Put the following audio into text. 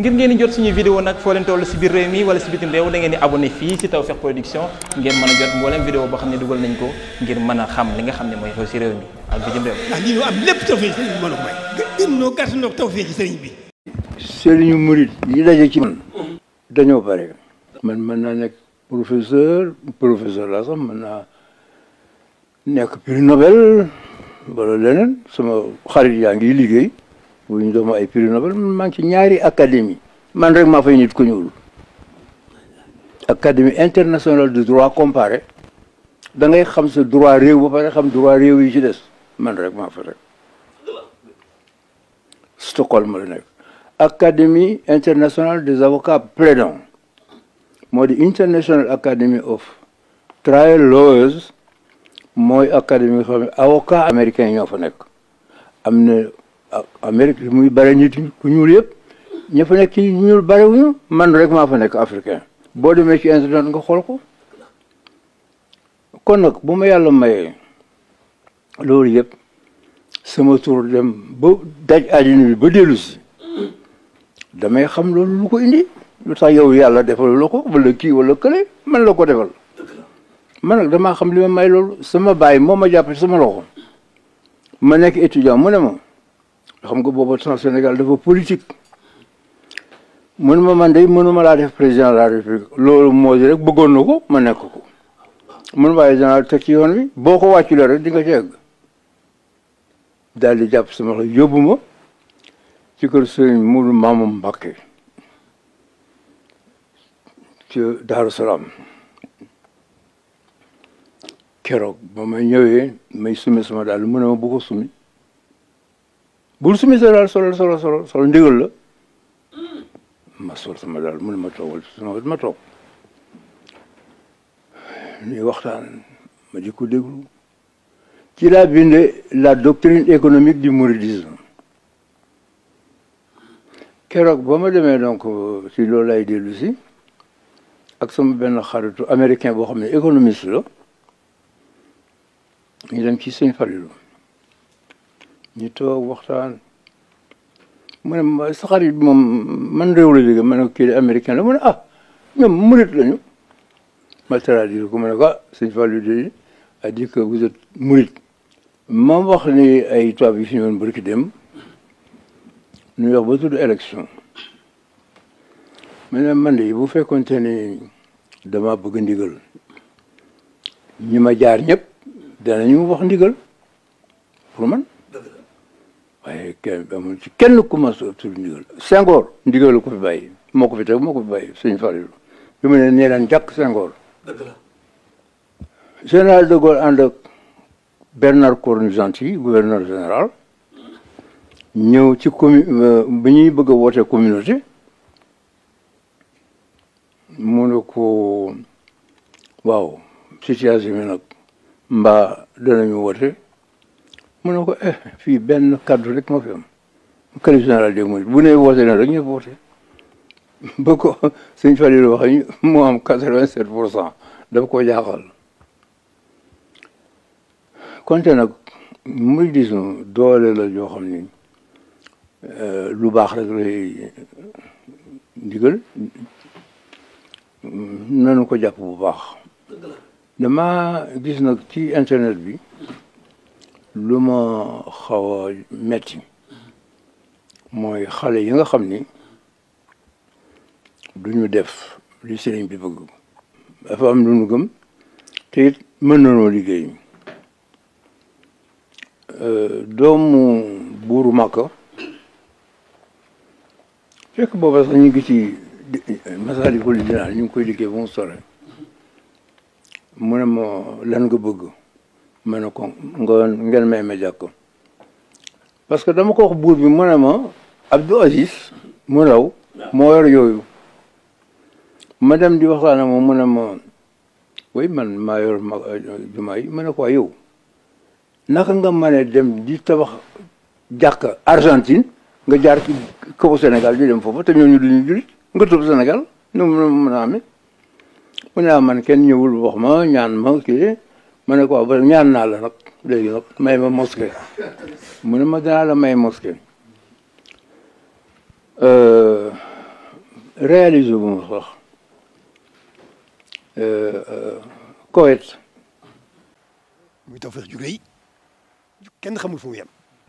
ngir ngeen di jot suñu vidéo nag foo leen toll si biir réew mi wala si bitim réew da ngeen di abonné fii si Tawfekh Production ngeen mën a jot mboolem vidéo boo xam ne dugal nañ ko ngir mën a xam li nga xam ne mooy xew si réew mi ak bitim réew. ndax lii ñu am lépp tawfeex sëriñ bi mën murit yi daje ci man. dañoo bare. man mën naa nekk professeur professeur laa sax mën naa nekk prix Nobel wala leneen sama xarit yaa ngiy liggéey bu ñu dooma ay prix Nobel maa ngi ñaari académie man rek maa fay nit ku ñuul académie international de droit comparé da ngay xam sa droit réew ba pare xam droit réew yi ci des man rek maa fa rek Stockholm la nekk académie internationale des avocats plaidants moo di International Academy of Trial Lawyers mooy académie nga xam ne américain ñoo fa nekk am na Amérique li muy bare nit ku ñuul yëpp ña fa nekk ñu ñuul barewuñu man rek maa fa nekk africain boo demee ci internet nga xool ko kon nag bu ma yàlla mayee loolu yëpp sama tur dem ba daj àddina bi ba dellu si damay xam loolu lu ko indi lu tax yow yàlla defal la ko wala kii wala kële man la ko defal man nag damaa xam li ma may loolu sama baay moo ma jàpp sama loxo ma nekk étudiant mu ne ma xam nga booba temps Sénégal dafa politique mënuma man de mënuma laa def président la république loolu moo di rek bëggoon na ko ma nekk ko mënuma waaye danaa teg ci yoon wi boo ko wàcculee rek di nga ci egg daal di jàpp sama xel yóbbu ma ci kër sëriñ Mourou Mamou Mbacké ci Daaru Salaam keroog ba ma ñëwee may sume suma daal mën a ma bu sumi su sumi sa daal solal solal solal sol ndigal la ma sol sama daal mu ne ma toogal sama ma toog ñuy waxtaan ma di ko déglu ci laa binde la doctrine économique di du mouridisme keroog ba ma demee donc si loolu lay dellu si ak sama benn xaritu américain boo xam ne économiste la ñu dem ci sëñ Falilou ñu to waxtaan mu ne sa xarit bi moom man réew la jóge ma ne kii américain la mu ne a ah, ñoom murit lañu ma traduire ko ma ne ko ah sëñ Fallou de a dit que vous murit ma wax ni ay tubaab yi fi ñëwoon barki dem ñu wax ba tudd élection ma ne man de bu fekkoonte ni dama bëgg ndigal ñi ma jaar ñëpp danañu wax ndigal pour man waaye kenn amul ci kenn ku ma suul ndigal Senghor ndigal ko fi bàyyi moo ko fi teg moo ko fi bàyyi sëñ Fallou bi mu ne nee naan jàkk Senghor dëgg la général de Gaulle ànd Bernard Cornut-Gentille gouverneur général ñëw ci commune euh, bi ñuy bëgg a woote communauté mu ne ko waaw situation bi nag mbaa danañu woote mu ne ko eh fii benn kaddu rek moo fi am khalife général des mourides bu ne woote na rek ñëpp woote ba ko sëñ Falilu wax ñu moo am quatre vingt dafa ko jaaxal konte nag mouridisme doole la joo ni eh, lu baax rek lay ndigal nanu ko jàpp bu baax dama gis nag ci internet bi lu ma xaw a metti mooy xale yi nga xam ni du ñu def li sëriñ bi bëgg dafa am lu ñu gëm te mën nanoo liggéey euh, doomu buuru Màkka fekk booba sax ñu ngi ci Masaalikul Jinaan ñu ngi koy liggéey ba mu sore mu ne ma lan nga bëgg ma ne ko ngoon ngeen may ma jàkk parce que dama ko buur bi mu ne ma Abdou Aziz mu raw moo yor yooyu ma dem di waxtaan ak moom mu ne ma way man maa yor ma ne ko yow naka nga mën a dem di tabax jàkk Argentine nga jaar ci kaw senegal di dem foofu te ñooñu duñu jullit nga tëb Sénégal nu mu mën a amee mu ne man kenn ñëwul wax mane ko waaw ba ñaan naa la nag léegi nag may ma mosquée mu ne ma danaa la may mosquée euh, réalisé bu ma sax euh, euh, Koweït muy Tawfekh ju rëy kenn xamul fu mu